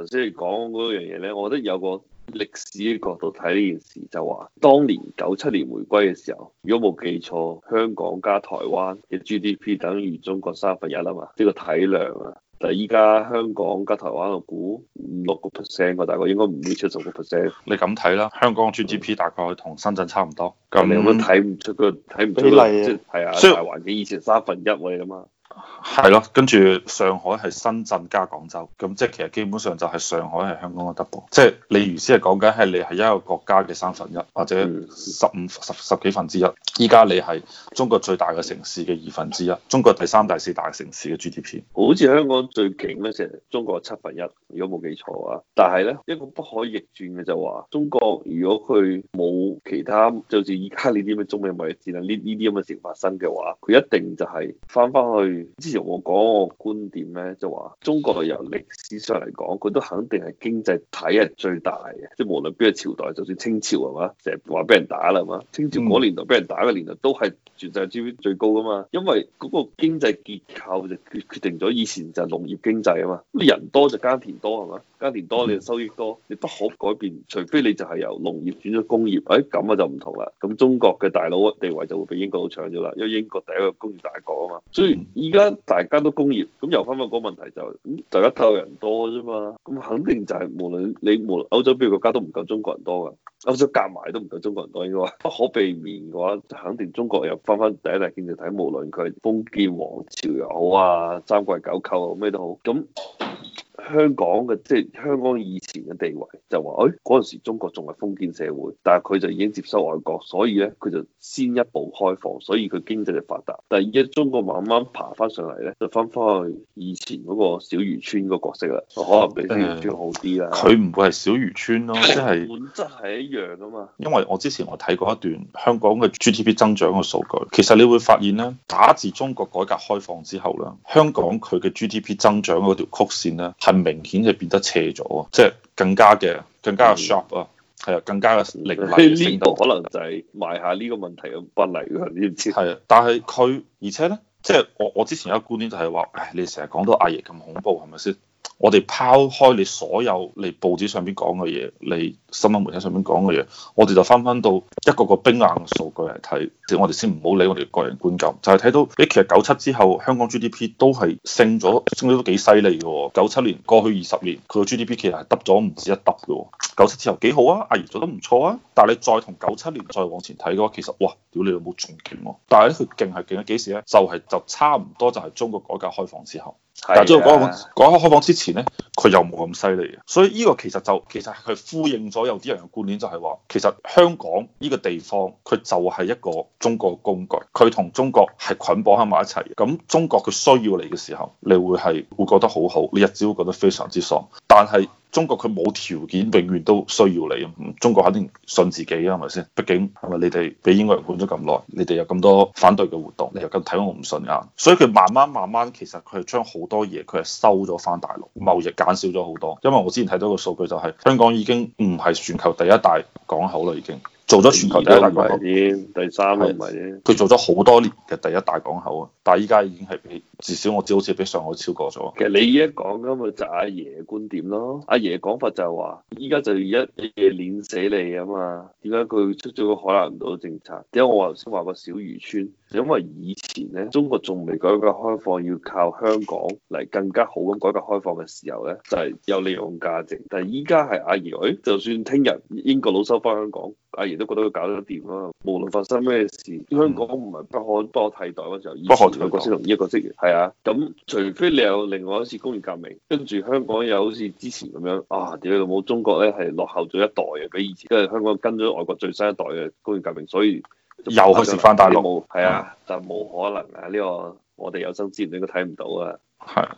頭先你講嗰樣嘢咧，我覺得有個歷史角度睇呢件事，就話當年九七年回歸嘅時候，如果冇記錯，香港加台灣嘅 GDP 等於中國三分一啊嘛，呢、這、係個體量啊。但係依家香港加台灣我估，五個 percent 啊，大概應該唔會超十五個 percent。你咁睇啦，香港 GDP 大概同深圳差唔多。咁你都睇唔出、那個睇唔出比、那、例、個、啊？係啊，所以以前三分一我哋諗啊。你係咯，跟住上海係深圳加廣州，咁即係其實基本上就係上海係香港嘅 double，即係你如先係講緊係你係一個國家嘅三分一或者十五十十幾分之一，依家你係中國最大嘅城市嘅二分之一，中國第三大、四大城市嘅 GDP，好似香港最勁咧，成中國七分一，如果冇記錯啊。但係咧一個不可逆轉嘅就話，中國如果佢冇其他，就好似依家你啲咁嘅中美貿易戰啊呢呢啲咁嘅事發生嘅話，佢一定就係翻翻去。之前我講個觀點咧，就話、是、中國由歷史上嚟講，佢都肯定係經濟體係最大嘅，即、就、係、是、無論邊個朝代，就算清朝係嘛，成日話俾人打啦，係嘛？清朝嗰年代俾人打嘅年代都係全世界 GDP 最高噶嘛，因為嗰個經濟結構就決決定咗以前就係農業經濟啊嘛，咁人多就耕田多係嘛。耕田多，你收益多，你不可改變。除非你就係由農業轉咗工業、哎，誒咁啊就唔同啦。咁中國嘅大佬地位就會俾英國佬搶咗啦，因為英國第一個工業大國啊嘛。所以依家大家都工業，咁又翻返個問題就，大家偷人多啫嘛。咁肯定就係無論你無論歐洲邊個國家都唔夠中國人多噶，歐洲夾埋都唔夠中國人多。應該話不可避免嘅話，就肯定中國又翻返第一大經濟體，無論佢封建王朝又好啊，三跪九叩啊咩都好，咁。香港嘅即係香港以前嘅地位，就話，誒嗰陣時中國仲係封建社會，但係佢就已經接收外國，所以咧佢就先一步開放，所以佢經濟就發達。但係而家中國慢慢爬翻上嚟咧，就翻返去以前嗰個小漁村個角色啦，就可能比小漁村好啲啦。佢唔、欸、會係小漁村咯、啊，即係本質係一樣啊嘛。因為我之前我睇過一段香港嘅 GDP 增長嘅數據，其實你會發現咧，打自中國改革開放之後咧，香港佢嘅 GDP 增長嗰條曲線咧。明顯就變得斜咗啊！即係更加嘅，更加嘅 sharp 啊，係、嗯、啊，更加嘅凌厲。呢個可能就係埋下呢個問題嘅不利㗎，你唔知，知。係啊，但係佢而且咧，即係我我之前有個觀點就係話，誒你成日講到阿爺咁恐怖係咪先？是我哋拋開你所有你報紙上面講嘅嘢，你新聞媒體上面講嘅嘢，我哋就翻翻到一個個冰冷嘅數據嚟睇，我哋先唔好理我哋個人觀感，就係、是、睇到你其實九七之後香港 GDP 都係升咗，升咗都幾犀利嘅喎。九七年過去二十年，佢個 GDP 其實係揼咗唔止一揼㗎喎。九七之後幾好啊，阿爺做得唔錯啊，但係你再同九七年再往前睇嘅話，其實哇，屌你老母仲勁喎！但係佢勁係勁喺幾時咧？就係、是、就差唔多就係中國改革開放之後。但係，即係講開開開放之前呢，佢又冇咁犀利嘅，所以呢個其實就其實係佢呼應咗有啲人嘅觀念，就係話其實香港呢個地方佢就係一個中國工具，佢同中國係捆綁喺埋一齊。咁中國佢需要你嘅時候，你會係會覺得好好，你日子會覺得非常之爽，但係。中國佢冇條件，永遠都需要你。中國肯定信自己啊，係咪先？畢竟係咪你哋俾英國人管咗咁耐，你哋有咁多反對嘅活動，你又咁睇我唔順眼，所以佢慢慢慢慢，其實佢係將好多嘢佢係收咗返大陸，貿易減少咗好多。因為我之前睇到個數據就係，香港已經唔係全球第一大港口啦，已經。做咗全球第，第一大港口，第三嘅唔係啫。佢做咗好多年嘅第一大港口啊，但係依家已經係俾至少我知好似俾上海超過咗。其實你依家講咁咪就阿爺觀點咯？阿爺講法就係話，依家就一嘢碾死你啊嘛！點解佢出咗個海南島政策？點解我頭先話個小漁村？因為以前咧，中國仲未改革開放，要靠香港嚟更加好咁改革開放嘅時候咧，就係、是、有利用價值。但係依家係阿爺，哎、就算聽日英國佬收翻香港，阿爺都覺得佢搞得掂啦、啊。無論發生咩事，香港唔係不可不可我替代嘅時候，以前同一個職業，係啊。咁除非你有另外一次工業革命，跟住香港又好似之前咁樣啊，屌你老母中國咧係落後咗一代嘅，比以前，因為香港跟咗外國最新一代嘅工業革命，所以。又去食翻大陸，係 啊，就冇可能啊！呢、呢個我哋有生之年都睇唔到啊！係。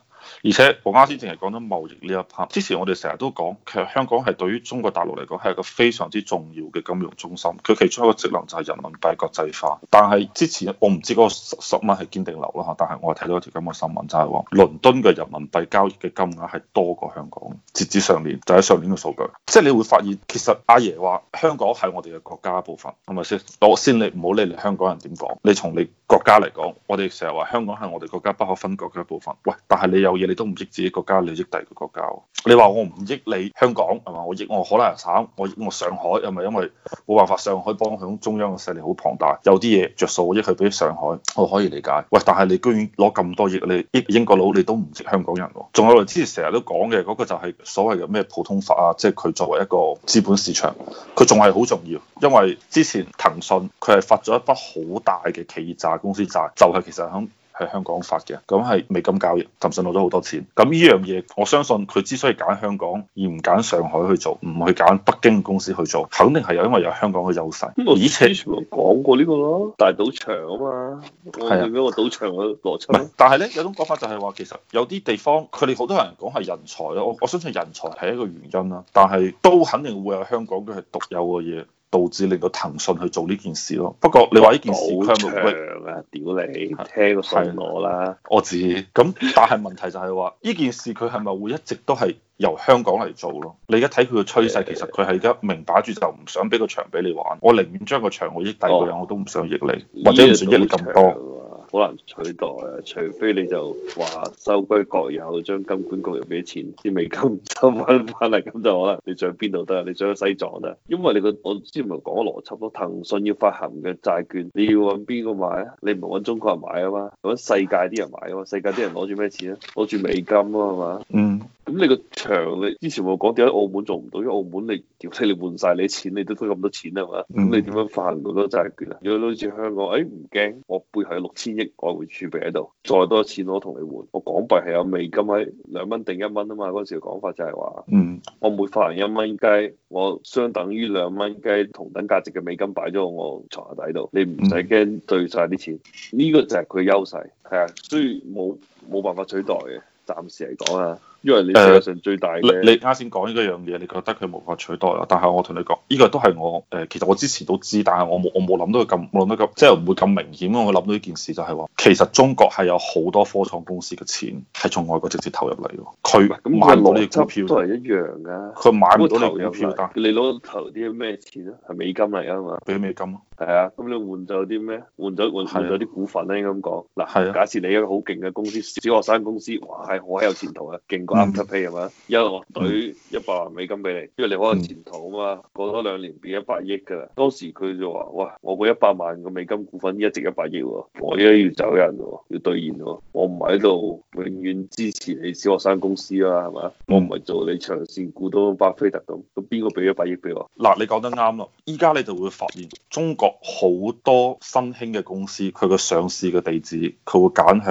而且我啱先淨係講咗貿易呢一 part，之前我哋成日都講，其實香港係對於中國大陸嚟講係一個非常之重要嘅金融中心，佢其中一個職能就係人民幣國際化。但係之前我唔知嗰十十蚊係堅定流啦嚇，但係我睇到一條咁嘅新聞就，就係話倫敦嘅人民幣交易嘅金額係多過香港，截至上年，就喺上年嘅數據。即係你會發現，其實阿爺話香港係我哋嘅國家一部分，係咪先？我先你唔好理你香港人點講，你從你國家嚟講，我哋成日話香港係我哋國家不可分割嘅一部分。喂，但係你又～做嘢你都唔益自己國家，你益第二個國家。你話我唔益你香港係嘛？我益我河南省，我益我上海，係咪因為冇辦法上海幫響中央嘅勢力好龐大，有啲嘢着數我益佢俾上海，我可以理解。喂，但係你居然攞咁多益你益英國佬，你都唔益香港人。仲有我之前成日都講嘅嗰個就係所謂嘅咩普通法啊，即係佢作為一個資本市場，佢仲係好重要。因為之前騰訊佢係發咗一筆好大嘅企業債公司債，就係、是、其實響。係香港發嘅，咁係美金交易，甚至攞咗好多錢。咁呢樣嘢，我相信佢之所以揀香港而唔揀上海去做，唔去揀北京公司去做，肯定係因為有香港嘅優勢。呢個以前講過呢個咯，大賭場啊嘛，係啊，個賭場嘅邏輯。唔係，但係呢，有種講法就係話，其實有啲地方佢哋好多人講係人才咯。我我相信人才係一個原因啦，但係都肯定會有香港佢係獨有嘅嘢。導致令到騰訊去做呢件事咯。不過你話呢件事長啊，屌你， 是聽個數我啦。我知。咁，但係問題就係話呢件事佢係咪會一直都係由香港嚟做咯？你而家睇佢嘅趨勢，的其實佢係而家明擺住就唔想俾個場俾你玩。我寧願將個場我益第二個人，哦、我都唔想益你，個或者唔想益你咁多。好難取代啊！除非你就話收歸國有，將金管局入邊啲錢啲美金收翻翻嚟，咁就好啦。你想去邊度得啊？你想去西藏得啊？因為你個我之前咪講邏輯咯，騰訊要發行嘅債券，你要搵邊個買啊？你唔係搵中國人買啊嘛？搵世界啲人買啊嘛？世界啲人攞住咩錢啊？攞住美金啊，係嘛？嗯。咁你個場，你之前我講點解澳門做唔到？因為澳門你條你換晒，你錢，你都都咁多錢啊嘛。咁你點樣發行到咗債券啊？如果好似香港，誒唔驚，我背後有六千億外匯儲備喺度，再多錢我都同你換。我港幣係有美金喺兩蚊定一蚊啊嘛。嗰時嘅講法就係話，嗯、我每發行一蚊雞，我相等於兩蚊雞同等價值嘅美金擺咗我床下底度，你唔使驚兌晒啲錢。呢個就係佢優勢，係啊，所以冇冇辦法取代嘅，暫時嚟講啊。因為你世界上最大咧、呃，你啱先講呢一樣嘢，你覺得佢無法取代啦。但係我同你講，呢、這個都係我誒、呃，其實我之前都知，但係我冇我冇諗到佢咁諗到咁，即係唔會咁明顯咯。我諗到呢件事就係話，其實中國係有好多科創公司嘅錢係從外國直接投入嚟嘅。佢買到啲股票都係、嗯、一樣㗎、啊。佢買唔到你股票，嗯、但你攞頭啲咩錢啊？係美金嚟㗎嘛？俾美金咯。係啊，咁、啊、你換咗啲咩？換咗換換啲股份、啊、啦。應該咁講嗱，假設你一個好勁嘅公司，小學生公司，哇係好有前途嘅，勁。啱拍皮係嘛？一個隊一百萬美金俾你，因為你可能前途啊嘛，過多兩年變一百億㗎喇。當時佢就話：哇！我嗰一百萬個美金股份，依家值一百億喎，我依家要走人喎，要兌現喎，我唔係喺度永遠支持你小學生公司啦，係嘛？我唔係做你長線股東巴菲特都，咁邊個俾一百億俾我？嗱，你講得啱咯。依家你就會發現，中國好多新興嘅公司，佢個上市嘅地址，佢會揀喺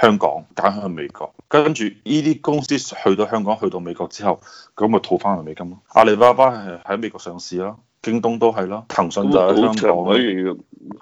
香港，揀喺美國。跟住呢啲公司去到香港、去到美國之後，咁咪套翻嚟美金咯。阿里巴巴係喺美國上市咯，京東都係咯，騰訊就喺香港咯。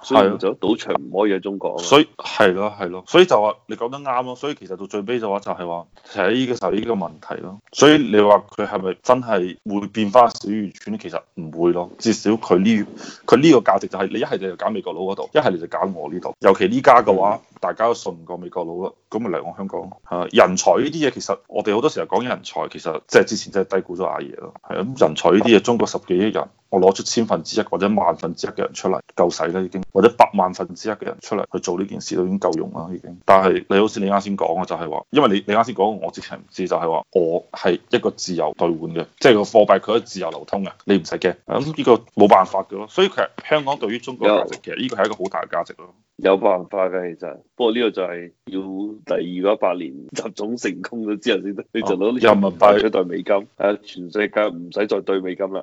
所以就賭場唔可以喺中國。所以係咯係咯，所以就話你講得啱咯。所以其實到最尾嘅話就係話，喺呢個時候呢個問題咯。所以你話佢係咪真係會變翻小漁村？其實唔會咯，至少佢呢佢呢個價值就係、係、你一係你就揀美國佬嗰度，一係你就揀我呢度。尤其呢家嘅話，嗯、大家都信唔過美國佬咯。咁咪嚟我香港嚇人才呢啲嘢，其實我哋好多時候講人才，其實即係之前真係低估咗阿爺咯。係咁，人才呢啲嘢，中國十幾億人，我攞出千分之一或者萬分之一嘅人出嚟夠使啦，已經或者百萬分之一嘅人出嚟去做呢件事都已經夠用啦，已經。但係你好似你啱先講嘅，就係話，因為你你啱先講，我之前唔知就係話，我係一個自由兌換嘅，即係個貨幣佢係自由流通嘅，你唔使驚。咁呢個冇辦法嘅咯，所以其實香港對於中國價值，其實呢個係一個好大嘅價值咯。有辦法嘅其實，不過呢個就係要第二個一百年集中成功咗之後先得，啊、你就攞、這個、人民幣換一對美金，喺全世界唔使再兌美金啦，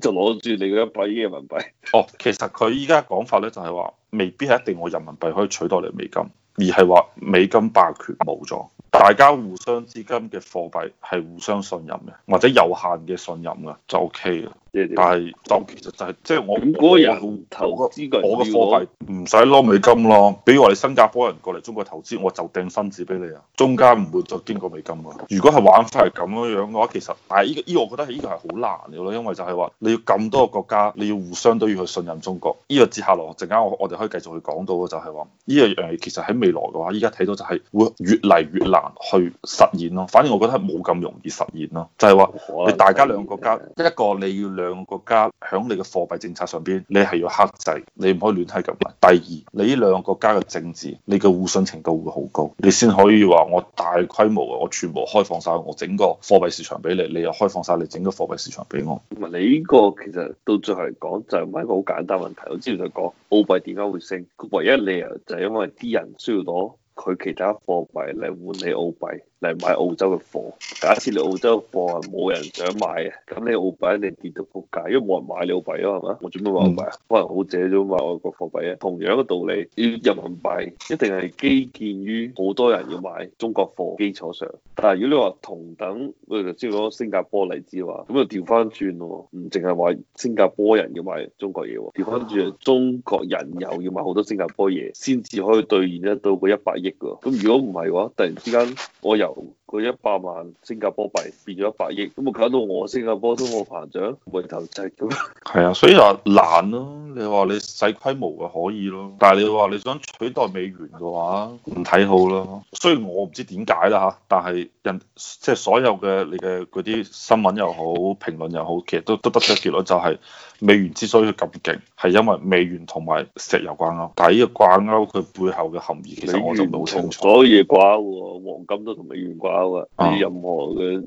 就攞住你嗰一百億人民幣。哦，其實佢依家講法咧就係話，未必係一定我人民幣可以取代你美金，而係話美金霸權冇咗，大家互相之間嘅貨幣係互相信任嘅，或者有限嘅信任嘅就 OK 嘅。但係就其實就係即係我嗰個人投個我嘅貨幣唔使攞美金咯，嗯、比如話你新加坡人過嚟中國投資，我就掟分紙俾你啊，中間唔會再經過美金啊。如果係玩法係咁樣樣嘅話，其實但係依、這個依個我覺得係依個係好難嘅咯，因為就係話你要咁多個國家，你要互相都要去信任中國。呢、這個接下嚟，陣間我我哋可以繼續去講到嘅就係話呢樣嘢，其實喺未來嘅話，依家睇到就係會越嚟越難去實現咯。反正我覺得係冇咁容易實現咯，就係、是、話吧你大家兩個國家的一個你要兩個國家喺你嘅貨幣政策上邊，你係要克制，你唔可以亂開咁。第二，你呢兩個國家嘅政治，你嘅互信程度會好高，你先可以話我大規模啊，我全部開放晒我整個貨幣市場俾你，你又開放晒你整個貨幣市場俾我。唔係你呢個其實到最後嚟講，就唔係一個好簡單問題。我之前就講澳幣點解會升，唯一理由就係因為啲人需要攞佢其他貨幣嚟換你澳幣。嚟買澳洲嘅貨，假設你澳洲嘅貨係冇人想買嘅，咁你澳幣一定跌到撲街，因為冇人買你澳幣咯，係咪？我做咩買澳幣啊？可能好少咗買外國貨幣啊。同樣嘅道理，要人民幣一定係基建於好多人要買中國貨基礎上。但係如果你話同等，我哋就先講新加坡例子話，咁就調翻轉咯，唔淨係話新加坡人要買中國嘢，調翻轉中國人又要買好多新加坡嘢先至可以兌現得到嗰一百億嘅。咁如果唔係嘅話，突然之間我由個一百萬新加坡幣變咗一百億，咁冇搞到我新加坡都冇膨脹，回頭就係咁。係啊，所以就難咯。你話你細規模就可以咯，但係你話你想取代美元嘅話唔睇好咯。雖然我唔知點解啦吓，但係人即係、就是、所有嘅你嘅嗰啲新聞又好，評論又好，其實都都得出結論就係美元之所以咁勁，係因為美元同埋石油掛鈎。但係呢個掛鈎佢背後嘅含義，其實我就唔係好清楚。所有嘢掛鈎，黃金都同美元掛鈎啊！你、嗯、任何嘅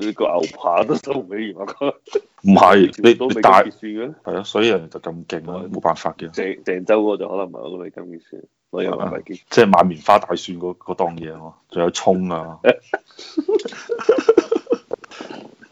你個牛扒都收美元啊！ 唔係，你都未大算嘅，係啊，所以人哋就咁勁咯，冇是辦法嘅。鄭鄭州嗰個就可能唔係嗰個未咁結算，的我又唔即係買棉花大蒜嗰嗰檔嘢喎，仲有蔥啊。